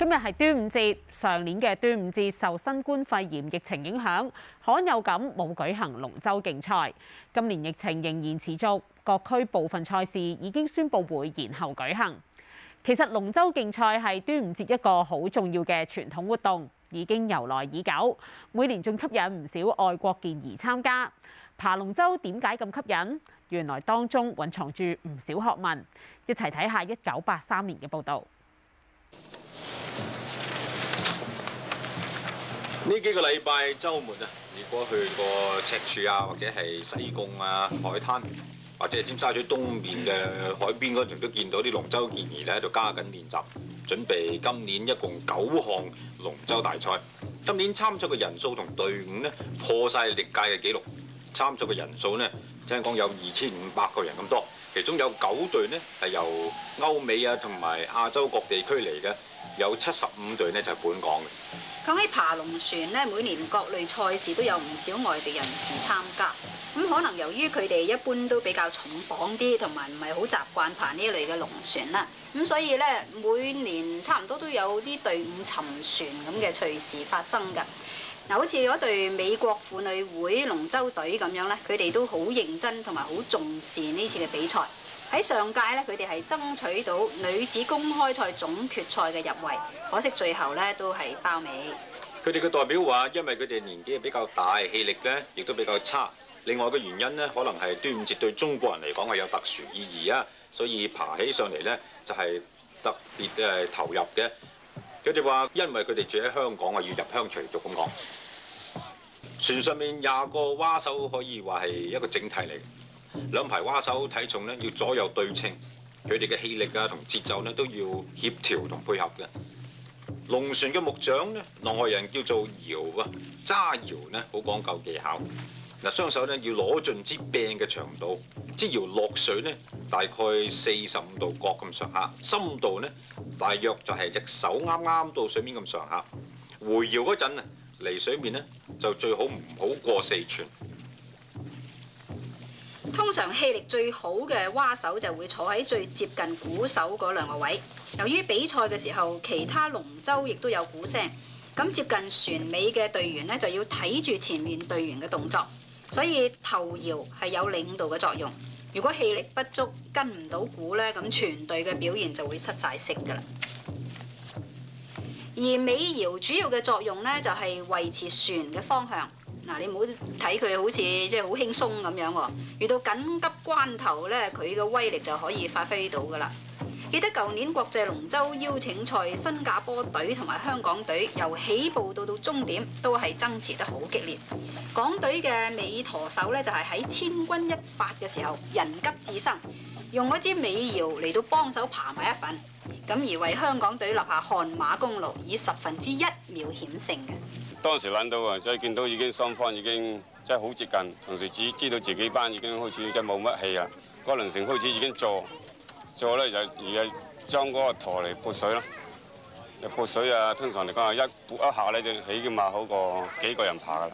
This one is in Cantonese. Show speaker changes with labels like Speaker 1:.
Speaker 1: 今日係端午節，上年嘅端午節受新冠肺炎疫情影響，罕有咁冇舉行龍舟競賽。今年疫情仍然持續，各區部分賽事已經宣布會延後舉行。其實龍舟競賽係端午節一個好重要嘅傳統活動，已經由來已久。每年仲吸引唔少外國健兒參加。爬龍舟點解咁吸引？原來當中蘊藏住唔少學問。一齊睇下一九八三年嘅報導。
Speaker 2: 呢幾個禮拜週末啊，如果去個赤柱啊，或者係西貢啊、海灘，或者係尖沙咀東面嘅海邊嗰度，都見到啲龍舟健兒咧喺度加緊練習，準備今年一共九項龍舟大賽。今年參賽嘅人數同隊伍咧破晒歷屆嘅紀錄。參賽嘅人數咧，聽講有二千五百個人咁多，其中有九隊咧係由歐美啊同埋亞洲各地區嚟嘅，有七十五隊咧就係本港嘅。
Speaker 3: 講起爬龍船咧，每年各類賽事都有唔少外籍人士參加，咁可能由於佢哋一般都比較重磅啲，同埋唔係好習慣爬呢一類嘅龍船啦，咁所以咧每年差唔多都有啲隊伍沉船咁嘅隨時發生㗎。嗱，好似嗰隊美國婦女會龍舟隊咁樣咧，佢哋都好認真同埋好重視呢次嘅比賽。喺上屆咧，佢哋係爭取到女子公開賽總決賽嘅入圍，可惜最後咧都係包尾。
Speaker 2: 佢哋嘅代表話，因為佢哋年紀比較大，氣力咧亦都比較差。另外嘅原因呢，可能係端午節對中國人嚟講係有特殊意義啊，所以爬起上嚟呢就係特別嘅投入嘅。佢哋話：因為佢哋住喺香港啊，要入鄉隨俗咁講。船上面廿個蛙手可以話係一個整體嚟，兩排蛙手體重咧要左右對稱，佢哋嘅氣力啊同節奏咧都要協調同配合嘅。龍船嘅木槳咧，內行人叫做搖啊，揸搖咧好講究技巧。嗱，雙手咧要攞盡支柄嘅長度，支搖落水咧大概四十五度角咁上下，深度咧。大約就係隻手啱啱到水面咁上下，回搖嗰陣，離水面呢，就最好唔好過四寸。
Speaker 3: 通常氣力最好嘅蛙手就會坐喺最接近鼓手嗰兩個位。由於比賽嘅時候其他龍舟亦都有鼓聲，咁接近船尾嘅隊員呢，就要睇住前面隊員嘅動作，所以頭搖係有領導嘅作用。如果氣力不足跟唔到鼓呢，咁全隊嘅表現就會失晒色㗎喇。而尾搖主要嘅作用呢，就係維持船嘅方向。嗱，你唔好睇佢好似即係好輕鬆咁樣喎，遇到緊急關頭呢，佢嘅威力就可以發揮到㗎喇。記得舊年國際龍舟邀請賽，新加坡隊同埋香港隊由起步到到終點都係爭持得好激烈。港隊嘅尾舵手咧就係、是、喺千鈞一髮嘅時候，人急智生，用嗰支尾搖嚟到幫手爬埋一份，咁而為香港隊立下汗馬功勞，以十分之一秒險勝嘅。
Speaker 2: 當時諗到啊，即係見到已經雙方已經真係好接近，同時知知道自己班已經開始真係冇乜氣啊。嗰輪船開始已經坐。最好咧就而係將嗰個舵嚟潑水咯，又潑水啊！通常嚟講，一潑一下咧就起咁啊，好過幾個人爬噶啦。